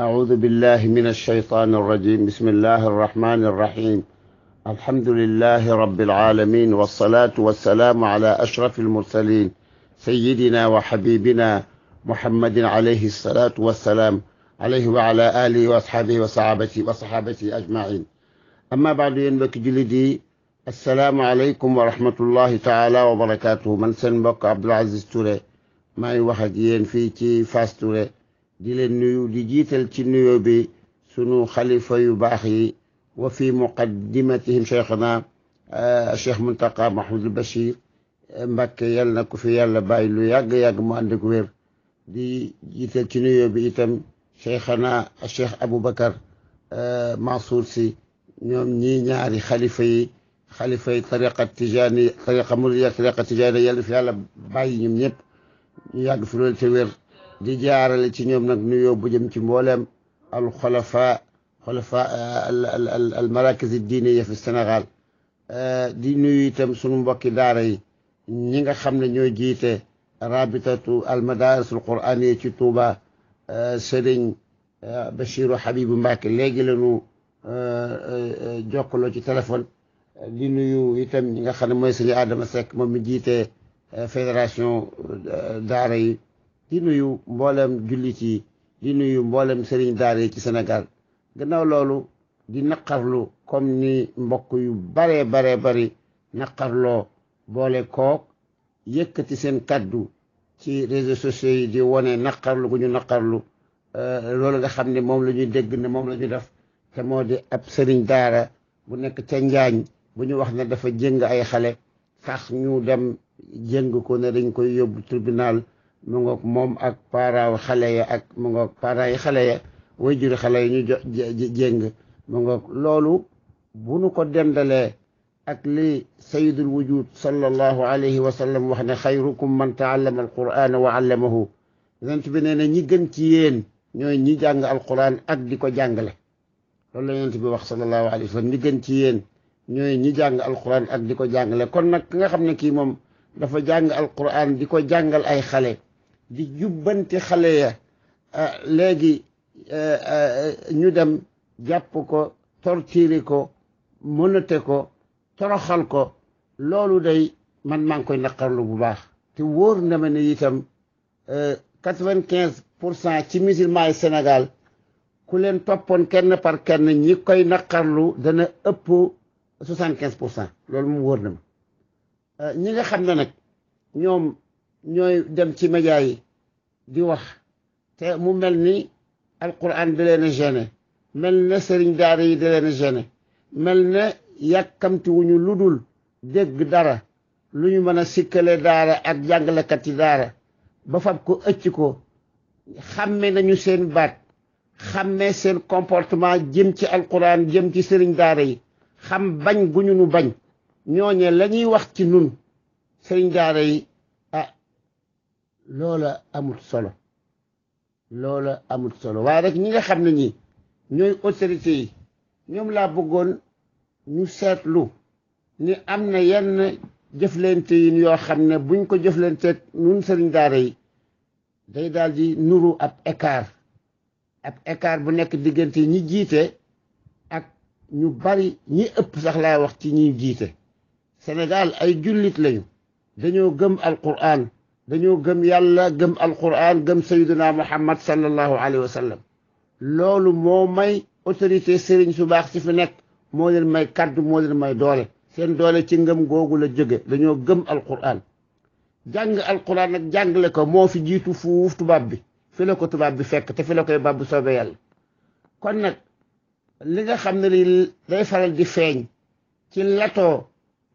أعوذ بالله من الشيطان الرجيم بسم الله الرحمن الرحيم الحمد لله رب العالمين والصلاة والسلام على أشرف المرسلين سيدنا وحبيبنا محمد عليه الصلاة والسلام عليه وعلى آله وأصحابه وصحابته وصحابته أجمعين أما بعد ينبك جلدي السلام عليكم ورحمة الله تعالى وبركاته من سنبك عبد العزيز توري ما يوحد ين فيتي فاس توري di len nuyu di jital ci nuyo bi sunu khalifa yu bax yi wa fi muqaddimatihim cheikhna cheikh muntaqa mahmoudul bashir mbàkke yàlla na ko fi yàlla bàyyi lu yag yagg mu ànd ko wér di jital ci nuyo bi itam cheikhna cheikh aboubacar mansour si ñom ñi ñaari khalifa yi xalifa yi tariqa tijani tariqa murid tariqa tijani yàlla fi yàlla bàyyi ñoom ñëpp ñu yàgg fi loolu te wér di jaarale ci ñoom nag nuyoo bu jëm ci mbooleem al xulafa xulafa al al al marakis diine ya fi Sénégal di nuyu itam sunu mbokki daara yi ñi nga xam ne ñoo jiite rabitatu al madaris al qur'an ci Touba Serigne Bachirou Habibou Mbacké léegi la ñu jokkaloo ci téléphone di nuyu itam ñi nga xam ne mooy Serigne Adama Seck moom mi jiite fédération daara yi. di nuyu mboolem jullit yi di nuyu mboolem sëriñ daara yi ci Sénégal gannaaw loolu di naqarlu comme ni mbokk yu baree baree bari naqarloo boole kook yëkkati seen kàddu ci réseaux sociaux yi di wone naqarlu gu ñu naqarlu euh, loolu nga xam ne moom la ñuy dégg ne moom la ñu def te moo di ab sëriñ daara bu nekk ca njaañ bu ñu wax ne dafa jëng ay xale sax ñu dem jëng ko ne dañ koy yóbbu tribunal mu moom ak parant xale ya ak mu ngoog paraaw yi xale ya way jur xale yi ñu jo jéng mu ngoog loolu bu nu ko dendalee ak li sayidul wujud sallallahu alayhi wa sallam wax ne xayrukum man taallama alquran wa allamahu yonent bi nee na ñi gën ci yéen ñooy jàng alquran ak di ko jàngale loolu la yonent wax sallallahu alayhi wa sallam gën ci yéen ñooy ñi jàng alquran ak di ko jàngale kon nag ki nga xam ne kii moom dafa jàng alquran di ko jàngal ay xale di jubbanti xale ya ah, léegi eh, eh, ñu dem jàpp ko tortiri ko mënate ko toroxal ko loolu day man maa ngi koy naqarlu bu baax te wóor na ma ni itam eh, quatre-vingt-quinze pour cent ci musulman yi Sénégal ku leen toppoon kenn par kenn ñi koy naqarlu dana ëpp soixante-quinze pour cent loolu mu wóor na ma ñi nga xam ne nag ñoom ñooy dem ci média yi di wax te mu mel ni alquran da leen a mel na sëriñ daara yi da leen a mel na yàkkamti wuñu lu dul dégg dara lu ñu mën a sikkale daara ak jàngalekat yi daara ba fab ko ëcc ko xàmme nañu seen baat xàmme seen comportement jëm ci alquran jëm ci sëriñ daara yi xam bañ guñu nu bañ ñooñe la wax ci nun sëriñ daara yi لولا أموت صلاة لولا أموت صلاة وعندك نيجا خمني نيجا أسرتي نيوم لا بقول نسات لو ني أمنا ين جفلنتي نيو خمنا بنيكو جفلنتي نون سرين داري داي دالجي نورو أب إكار أب إكار بنيك ديجنتي نيجيته أك نيو باري ني أب سخلا وقتي نيجيته سنغال أي جلت لين دانيو غم القرآن dañoo gëm yàlla gëm alquran gëm sayyidina muhammad sallallahu alayhi wa sallam loolu moo may autorité sëriñ su baax si fi nekk moo leen may kaddu moo leen may doole seen doole ci ngëm googu la jóge dañoo gëm alquran jàng alquran nag jàngale ko moo fi jiitu fuuf tubaab bi fi la ko tubaab bi fekk te fi la koy bàbb soobee yàlla kon nag li nga xam ne li day faral di feeñ ci latoo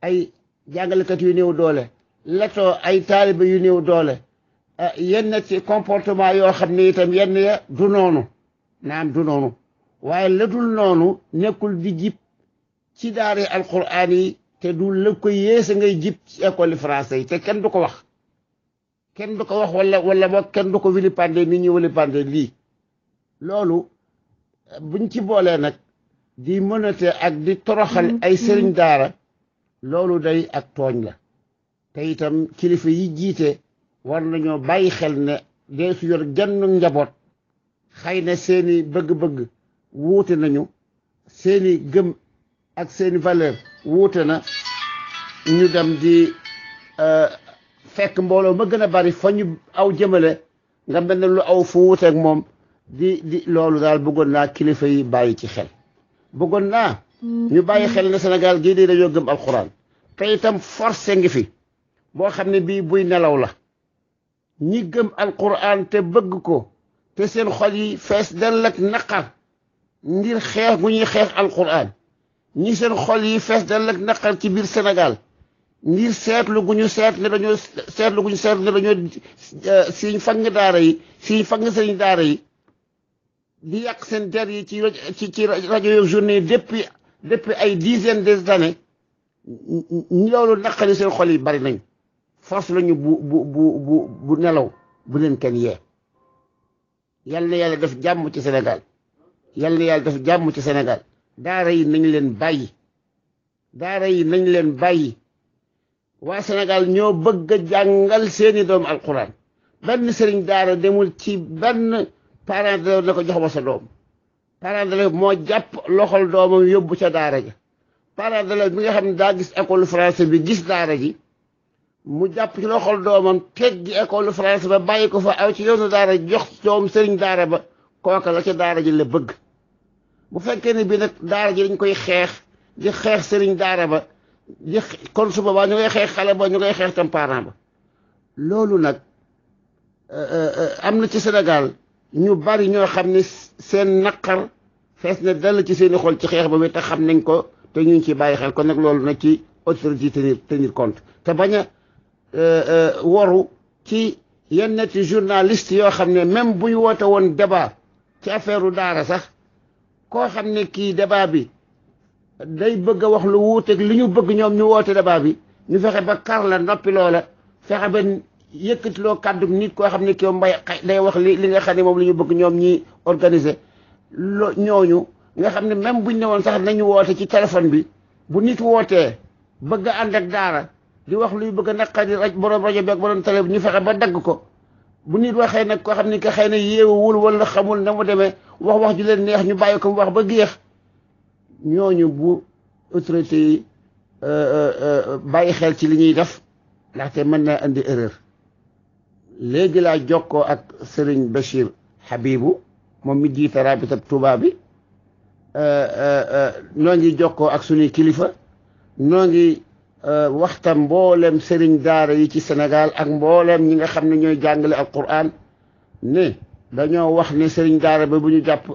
ay jàngalekat yu néew doole leto ay taaliba yu néew doole yenn ci comportement yoo xam ne itam yenn ya du noonu naam du noonu waaye la dul noonu nekkul di jib ci daari alquran yi te du la ko yéesa ngay jib ci école français yi te kenn du ko wax kenn du ko wax wala wala boog kenn du ko vilipande nit ñi vilipande lii loolu buñ ci boolee nag di mënate ak di toroxal ay sëriñ daara loolu day ak tooñ la te itam kilifa yi jiite war nañoo bàyyi xel ne dee su yor genn njaboot xëy na seeni bëgg-bëgg wuute nañu seeni gëm ak seeni valeur wuute na ñu dem di euh, fekk mbooloo ma gën a bari fa ñu aw jëmale nga mel ne lu aw fu wuuteeg moom di di loolu daal bëggoon naa kilifa yi bàyyi ci xel bëggoon naa mm. ñu bàyyi xel ne senegal gii di dañoo gëm alxuraan te itam forcé ngi fi bo xamne bi buy nelaw la ñi gëm alquran te bëgg ko te seen xol yi fess dal ak naqar ngir xex bu ñuy xex alquran ñi seen xol yi fess dal ak naqar ci bir Sénégal ngir seetlu gu ñu seet ne dañu seetlu gu ñu seetlu ne dañu siñ fang daara yi siñ fang seen daara yi di yak seen der yi ci ci ci radio yeeg journée depuis depuis ay dizaine des années lolu naqari seen xol yi bari nañu force lañu bu bu bu bu bu nelaw bu leen kenn yee yal na yàlla def jàmm ci senegal yal na yàlla def jàmm ci senegal daara yi nañ leen bàyyi daara yi nañ leen bàyyi waa Sénégal ñoo bëgg a jàngal seeni doom alxuraan benn sëriñ daara demul ci benn parent d'élève na ko jox ma doom parent d'élève moo jàpp loxol doomam yóbbu ca daara ja parent d'élève bi nga xam daa gis école français bi gis daara ji mu jàpp ci loxol doomam teggi école France ba bàyyi ko fa aw ci yoonu daara jox doom sëriñ daara ba kooka la ci daara ji le bëgg bu fekkee ne bi nag daara ji dañ koy xeex ji xeex sëriñ daara ba di kon su boobaa ñu koy xeex xale ba ñu koy xeex tam parent ba loolu nag euh, euh, am na ci Sénégal ñu bari ñoo xam ni seen naqar fees na dal ci seeni xol ci xeex ba te xam nañ ko te ñu ci bàyyi xel kon nag loolu nag ci autorité tenir tenir compte te bañ Euh, euh, waru ci yenn ci journaliste yoo xam ne même bu ñu woote woon débat ci affaire daara sax koo xam ne kii débat bi day bëgg a wax lu wuuteeg li ñu bëgg ñoom ñu woote débat bi ñu fexe ba kar la noppi loola fexe ba yëkkatiloo kàddu nit koo xam ne kii mbay day wax li li nga xam ne moom la bëgg ñoom ñi organiser lo nga xam ne même buñ ne woon sax nañu woote ci téléphone bi bu nit wootee bëgg ànd ak daara di wax luy bëgg a naqari raj borom rajo bi ak borom télé ñu fexe ba dagg ko bu nit waxee nag koo xam ni que xëy na yeewuwul wala xamul na mu demee wax wax ju leen neex ñu bàyyi ko mu wax ba géex ñooñu bu autorité yi euh, euh, euh, bàyyi xel ci li ñuy def ndaxte mën naa indi erreur léegi laa jokkoo ak Serigne Bachir Habibou moom mi jiite rabitab Touba bi noo ngi jokkoo ak suñuy kilifa noo Euh, waxta mboolem sëriñ daara yi ci senegal ak mboolem ñi nga xam ne ñooy jàngale al Qur'an ne dañoo wax ne sëriñ daara ba bu ñu jàpp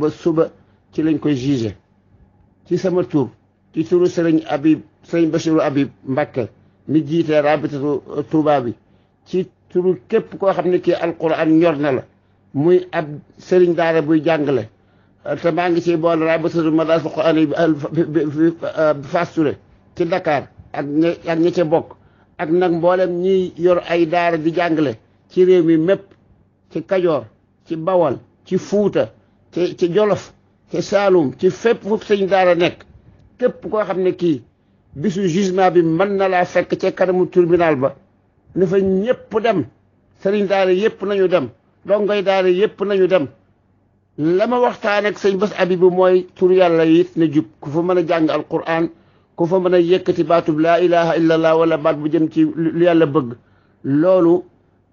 ba suba ci lañ koy jugé ci sama tur ci turu sëriñ Habib sëriñ Bachirou Habib Mbacké mi jiite rabitatu euh, Touba bi ci turu képp koo xam ne kii alquran ñor na la muy ab sëriñ daara buy jàngale euh, te maa ngi ciy boole rabitatu madaris al Qur'an bi Fass ci Dakar ak ña ak ña ca bokk ak nag mboolem ñiy yor ay daara di jàngale ci réew mi mépp ci Kajoor ci Bawal ci Fuuta ci Jolof ci Saalum ci fépp fu sëñ daara nekk képp koo xam ne kii bisu jugement bi mën na laa fekk ca kanamu tribunal ba na fa ñépp dem sëriñ daara yépp nañu dem dongoy daara yépp nañu dem la waxtaan ak sëñ Bass Abibou mooy tur yàlla it na jub ku fa mën a jàng alquran ku fa mën a yëkkati baatub laa ilaha illallah wala baat bu jëm ci lu yàlla bëgg loolu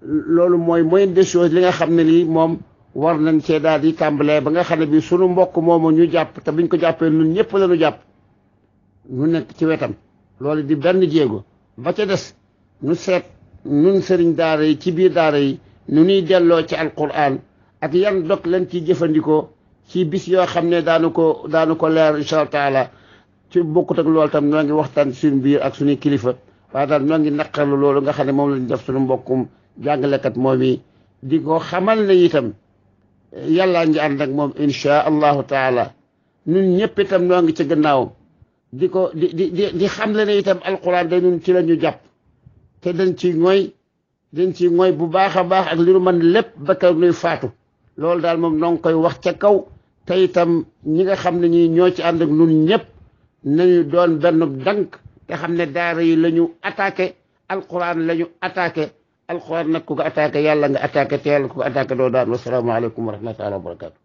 loolu mooy moyen des li nga xam ne lii moom war nañ cee daal di tàmbalee ba nga xam ne bi sunu mbokk moomu ñu jàpp te buñ ko jàppee ñun ñëpp la ñu jàpp ñu nekk ci wetam loolu di benn jéego ba ca des ñu seet nun sëriñ daara yi ci biir daara yi nu ñuy delloo ci alquran ak yan dog leen ciy jëfandikoo ci bis yoo xam ne daanu ko daanu ko leer incha allah taala ci bokkut ak lool tam ñoo ngi waxtaan suñu biir ak suñuy kilifa waaye daal ñoo ngi naqarlu loolu nga xam ne moom lañ def suñu mbokkum jàngalekat moom yi di ko xamal ne itam yàllaa ngi ànd ak moom inchaa allahu taala ñun ñëpp itam ñoo ngi ci gannaawam di ko di di di di xam le ne itam alquran day ñun ci la ñu jàpp te dañ ci mooy dañ ci mooy bu baax a baax ak li man lépp ba keroog nuy faatu loolu daal moom noo ngi koy wax ca kaw te itam ñi nga xam ne ñi ñoo ci ànd ak ñun ñëpp nañu doon benn dank te xam ne daara yi la ñu attaqué alquran la ñu attaqué alquran nag ku ko attaqué yàlla nga attaqué te yàlla ku ko attaqué doo daan wasalaamaaleykum wa rahmatullahi wa barakatuh